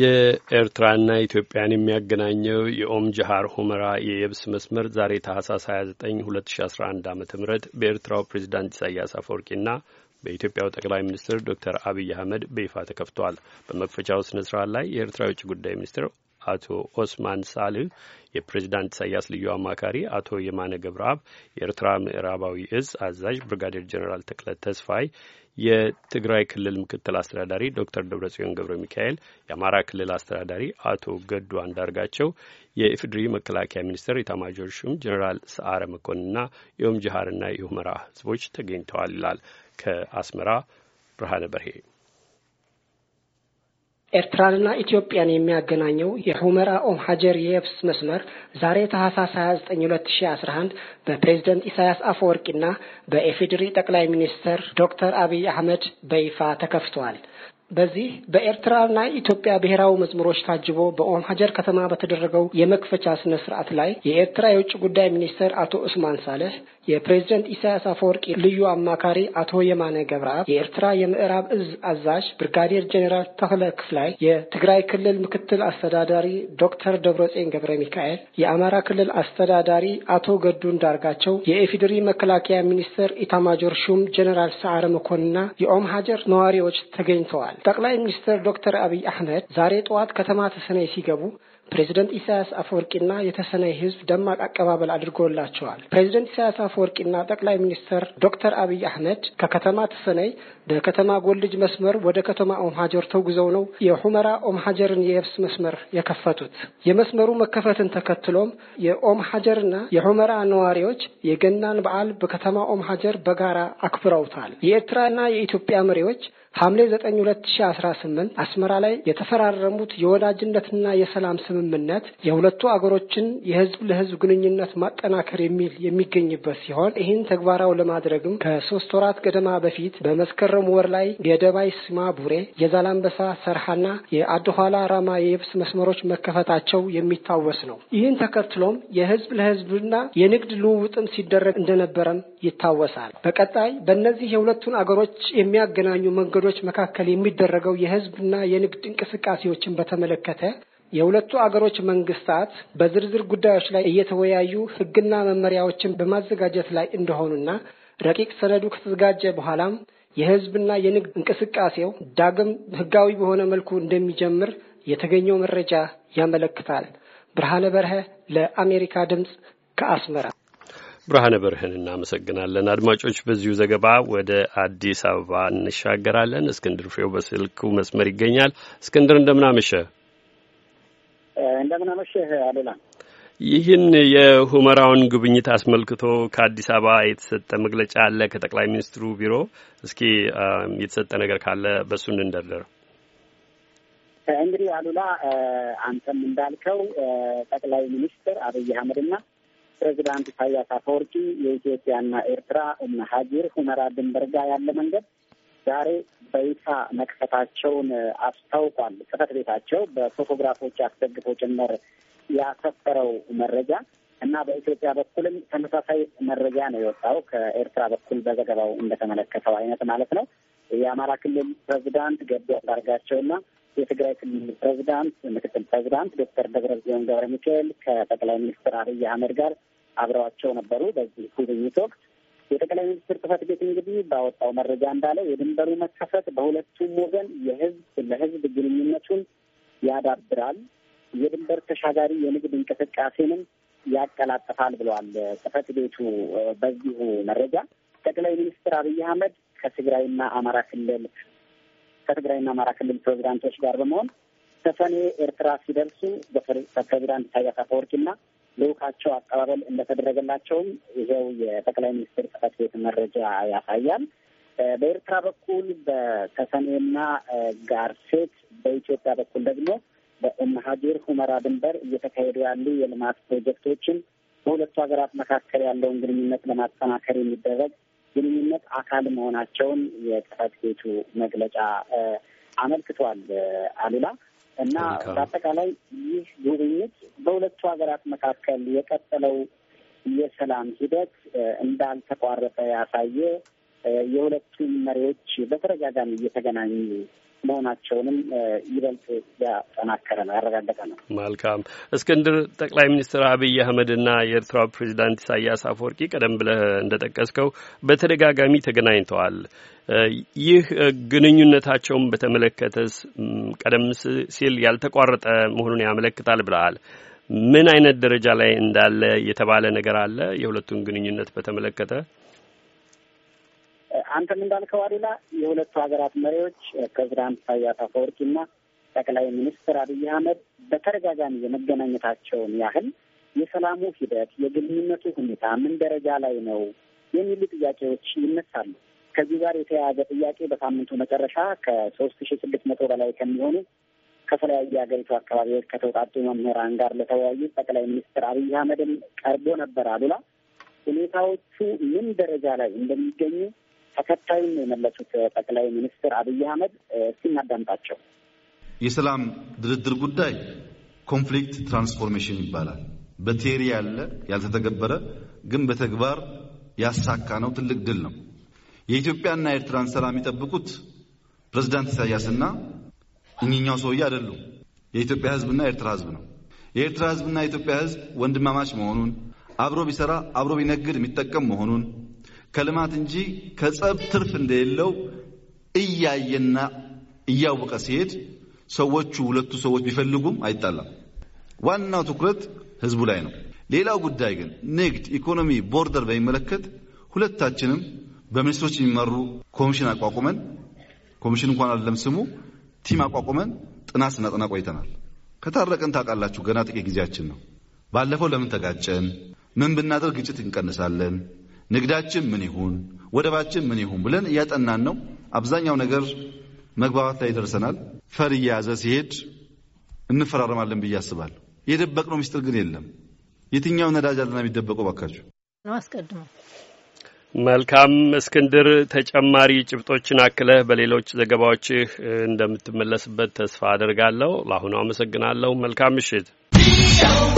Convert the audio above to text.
የኤርትራና ኢትዮጵያን የሚያገናኘው የኦም ጃሃር ሁመራ የየብስ መስመር ዛሬ ታህሳስ 29 2011 ዓ ም በኤርትራው ፕሬዚዳንት ኢሳያስ አፈወርቂና በኢትዮጵያው ጠቅላይ ሚኒስትር ዶክተር አብይ አህመድ በይፋ ተከፍቷል። በመክፈቻው ስነ ስርዓት ላይ የኤርትራ የውጭ ጉዳይ ሚኒስትር አቶ ኦስማን ሳልህ፣ የፕሬዚዳንት ኢሳያስ ልዩ አማካሪ አቶ የማነ ገብረአብ፣ የኤርትራ ምዕራባዊ እዝ አዛዥ ብርጋዴር ጀኔራል ተክለ ተስፋይ፣ የትግራይ ክልል ምክትል አስተዳዳሪ ዶክተር ደብረጽዮን ገብረ ሚካኤል፣ የአማራ ክልል አስተዳዳሪ አቶ ገዱ አንዳርጋቸው፣ የኢፌዴሪ መከላከያ ሚኒስቴር ኢታማዦር ሹም ጀኔራል ሰዓረ መኮንንና የኦምጅሃርና የሁመራ ህዝቦች ተገኝተዋል ይላል ከአስመራ ብርሃነ በርሄ ኤርትራንና ኢትዮጵያን የሚያገናኘው የሁመራ ኦም ሀጀር የየብስ መስመር ዛሬ ታህሳስ 29 2011 በፕሬዝደንት ኢሳያስ አፈወርቂና በኤፌዴሪ ጠቅላይ ሚኒስተር ዶክተር አብይ አህመድ በይፋ ተከፍቷል። በዚህ በኤርትራና ኢትዮጵያ ብሔራዊ መዝሙሮች ታጅቦ በኦም ሀጀር ከተማ በተደረገው የመክፈቻ ስነ ስርዓት ላይ የኤርትራ የውጭ ጉዳይ ሚኒስትር አቶ ኡስማን ሳልህ፣ የፕሬዝደንት ኢሳያስ አፈወርቂ ልዩ አማካሪ አቶ የማነ ገብረአብ፣ የኤርትራ የምዕራብ እዝ አዛዥ ብርጋዴር ጄኔራል ተክለ ክፍላይ፣ የትግራይ ክልል ምክትል አስተዳዳሪ ዶክተር ደብረጽዮን ገብረ ሚካኤል፣ የአማራ ክልል አስተዳዳሪ አቶ ገዱ እንዳርጋቸው፣ የኢፌዴሪ መከላከያ ሚኒስትር ኢታማጆር ሹም ጄኔራል ሰዓረ መኮንና የኦም ሀጀር ነዋሪዎች ተገኝተዋል። ጠቅላይ ሚኒስትር ዶክተር አብይ አህመድ ዛሬ ጠዋት ከተማ ተሰነይ ሲገቡ ፕሬዚደንት ኢሳያስ አፈወርቂና የተሰነይ ህዝብ ደማቅ አቀባበል አድርጎላቸዋል። ፕሬዚደንት ኢሳያስ አፈወርቂና ጠቅላይ ሚኒስትር ዶክተር አብይ አህመድ ከከተማ ተሰነይ በከተማ ጎልጅ መስመር ወደ ከተማ ኦምሃጀር ተጉዘው ነው የሁመራ ኦምሃጀርን የየብስ መስመር የከፈቱት። የመስመሩ መከፈትን ተከትሎም የኦም የሁመራ ነዋሪዎች የገናን በዓል በከተማ ኦምሃጀር በጋራ አክብረውታል። የኤርትራና የኢትዮጵያ መሪዎች ሐምሌ 9 2018 አስመራ ላይ የተፈራረሙት የወዳጅነትና የሰላም ስምምነት የሁለቱ አገሮችን የህዝብ ለህዝብ ግንኙነት ማጠናከር የሚል የሚገኝበት ሲሆን ይህን ተግባራዊ ለማድረግም ከሶስት ወራት ገደማ በፊት በመስከረም ወር ላይ የደባይ ስማ ቡሬ፣ የዛላምበሳ ሰርሃና የአድኋላ ራማ የየብስ መስመሮች መከፈታቸው የሚታወስ ነው። ይህን ተከትሎም የህዝብ ለህዝብና የንግድ ልውውጥም ሲደረግ እንደነበረም ይታወሳል። በቀጣይ በእነዚህ የሁለቱን አገሮች የሚያገናኙ መንገዶ አገሮች መካከል የሚደረገው የህዝብና የንግድ እንቅስቃሴዎችን በተመለከተ የሁለቱ አገሮች መንግስታት በዝርዝር ጉዳዮች ላይ እየተወያዩ ህግና መመሪያዎችን በማዘጋጀት ላይ እንደሆኑና ረቂቅ ሰነዱ ከተዘጋጀ በኋላም የህዝብና የንግድ እንቅስቃሴው ዳግም ህጋዊ በሆነ መልኩ እንደሚጀምር የተገኘው መረጃ ያመለክታል። ብርሃነ በርሀ ለአሜሪካ ድምፅ ከአስመራ ብርሃነ በርህን እናመሰግናለን። አድማጮች፣ በዚሁ ዘገባ ወደ አዲስ አበባ እንሻገራለን። እስክንድር ፍሬው በስልኩ መስመር ይገኛል። እስክንድር እንደምናመሸ እንደምናመሸ አሉላ ይህን የሁመራውን ጉብኝት አስመልክቶ ከአዲስ አበባ የተሰጠ መግለጫ አለ ከጠቅላይ ሚኒስትሩ ቢሮ። እስኪ የተሰጠ ነገር ካለ በእሱ እንደርደር። እንግዲህ አሉላ አንተም እንዳልከው ጠቅላይ ሚኒስትር አብይ አህመድና ፕሬዚዳንት ኢሳያስ አፈወርቂ የኢትዮጵያና ኤርትራ እና ሀጂር ሁመራ ድንበር ጋር ያለ መንገድ ዛሬ በይፋ መክፈታቸውን አስታውቋል። ጽህፈት ቤታቸው በፎቶግራፎች አስደግፎ ጭምር ያሰፈረው መረጃ እና በኢትዮጵያ በኩልም ተመሳሳይ መረጃ ነው የወጣው ከኤርትራ በኩል በዘገባው እንደተመለከተው አይነት ማለት ነው። የአማራ ክልል ፕሬዚዳንት ገዱ አንዳርጋቸውና የትግራይ ክልል ፕሬዚዳንት ምክትል ፕሬዚዳንት ዶክተር ደብረጽዮን ገብረ ሚካኤል ከጠቅላይ ሚኒስትር አብይ አህመድ ጋር አብረዋቸው ነበሩ። በዚህ ጉብኝት ወቅት የጠቅላይ ሚኒስትር ጽፈት ቤት እንግዲህ ባወጣው መረጃ እንዳለው የድንበሩ መከፈት በሁለቱም ወገን የህዝብ ለህዝብ ግንኙነቱን ያዳብራል፣ የድንበር ተሻጋሪ የንግድ እንቅስቃሴንም ያቀላጥፋል ብለዋል ጽሕፈት ቤቱ በዚሁ መረጃ። ጠቅላይ ሚኒስትር አብይ አህመድ ከትግራይና አማራ ክልል ከትግራይና አማራ ክልል ፕሬዚዳንቶች ጋር በመሆን ተፈኔ ኤርትራ ሲደርሱ በፕሬዚዳንት ኢሳያስ አፈወርቂና ልዑካቸው አቀባበል እንደተደረገላቸውም ይኸው የጠቅላይ ሚኒስትር ጽሕፈት ቤት መረጃ ያሳያል። በኤርትራ በኩል ጋር ሴት በኢትዮጵያ በኩል ደግሞ በመሀጅር ሁመራ ድንበር እየተካሄዱ ያሉ የልማት ፕሮጀክቶችን በሁለቱ ሀገራት መካከል ያለውን ግንኙነት ለማጠናከር የሚደረግ ግንኙነት አካል መሆናቸውን የጽህፈት ቤቱ መግለጫ አመልክቷል። አሉላ እና በአጠቃላይ ይህ ጉብኝት በሁለቱ ሀገራት መካከል የቀጠለው የሰላም ሂደት እንዳልተቋረጠ ያሳየ የሁለቱም መሪዎች በተደጋጋሚ እየተገናኙ መሆናቸውንም ይበልጥ ያጠናከረ ነው ያረጋገጠ ነው። መልካም እስክንድር፣ ጠቅላይ ሚኒስትር አብይ አህመድና የኤርትራ ፕሬዚዳንት ኢሳያስ አፈወርቂ ቀደም ብለህ እንደጠቀስከው በተደጋጋሚ ተገናኝተዋል። ይህ ግንኙነታቸውን በተመለከተስ ቀደም ሲል ያልተቋረጠ መሆኑን ያመለክታል ብለሃል። ምን አይነት ደረጃ ላይ እንዳለ የተባለ ነገር አለ የሁለቱን ግንኙነት በተመለከተ? አንተም እንዳልከው አሉላ የሁለቱ ሀገራት መሪዎች ፕሬዚዳንት ኢሳያስ ና ጠቅላይ ሚኒስትር አብይ አህመድ በተደጋጋሚ የመገናኘታቸውን ያህል የሰላሙ ሂደት፣ የግንኙነቱ ሁኔታ ምን ደረጃ ላይ ነው የሚሉ ጥያቄዎች ይነሳሉ። ከዚህ ጋር የተያያዘ ጥያቄ በሳምንቱ መጨረሻ ከሶስት ሺ ስድስት መቶ በላይ ከሚሆኑ ከተለያዩ የሀገሪቱ አካባቢዎች ከተውጣጡ መምህራን ጋር ለተወያዩ ጠቅላይ ሚኒስትር አብይ አህመድም ቀርቦ ነበር። አሉላ ሁኔታዎቹ ምን ደረጃ ላይ እንደሚገኙ ተከታዩን የመለሱት ጠቅላይ ሚኒስትር አብይ አህመድ ሲናዳምጣቸው የሰላም ድርድር ጉዳይ ኮንፍሊክት ትራንስፎርሜሽን ይባላል። በቴሪ ያለ ያልተተገበረ ግን በተግባር ያሳካ ነው። ትልቅ ድል ነው። የኢትዮጵያና የኤርትራን ሰላም የሚጠብቁት ፕሬዝዳንት ኢሳያስና እኚኛው ሰውዬ አይደሉም። የኢትዮጵያ ሕዝብና የኤርትራ ሕዝብ ነው። የኤርትራ ሕዝብና የኢትዮጵያ ሕዝብ ወንድማማች መሆኑን አብሮ ቢሰራ አብሮ ቢነግድ የሚጠቀም መሆኑን ከልማት እንጂ ከጸብ ትርፍ እንደሌለው እያየና እያወቀ ሲሄድ ሰዎቹ ሁለቱ ሰዎች ቢፈልጉም አይጣላም። ዋናው ትኩረት ህዝቡ ላይ ነው። ሌላው ጉዳይ ግን ንግድ፣ ኢኮኖሚ፣ ቦርደር በሚመለከት ሁለታችንም በሚኒስትሮች የሚመሩ ኮሚሽን አቋቁመን ኮሚሽን እንኳን አይደለም ስሙ ቲም አቋቁመን ጥናት ስናጠና ቆይተናል። ከታረቀን ታውቃላችሁ፣ ገና ጥቂት ጊዜያችን ነው። ባለፈው ለምን ተጋጨን? ምን ብናደርግ ግጭት እንቀንሳለን? ንግዳችን ምን ይሁን፣ ወደባችን ምን ይሁን ብለን እያጠናን ነው። አብዛኛው ነገር መግባባት ላይ ደርሰናል። ፈር እየያዘ ሲሄድ እንፈራረማለን ብዬ አስባለሁ። የደበቅነው ሚስጥር ግን የለም። የትኛው ነዳጅ አለና የሚደበቀው? ባካችሁ ነው አስቀድሞ መልካም እስክንድር፣ ተጨማሪ ጭብጦችን አክለህ በሌሎች ዘገባዎችህ እንደምትመለስበት ተስፋ አድርጋለሁ። ለአሁኑ አመሰግናለሁ። መልካም ምሽት።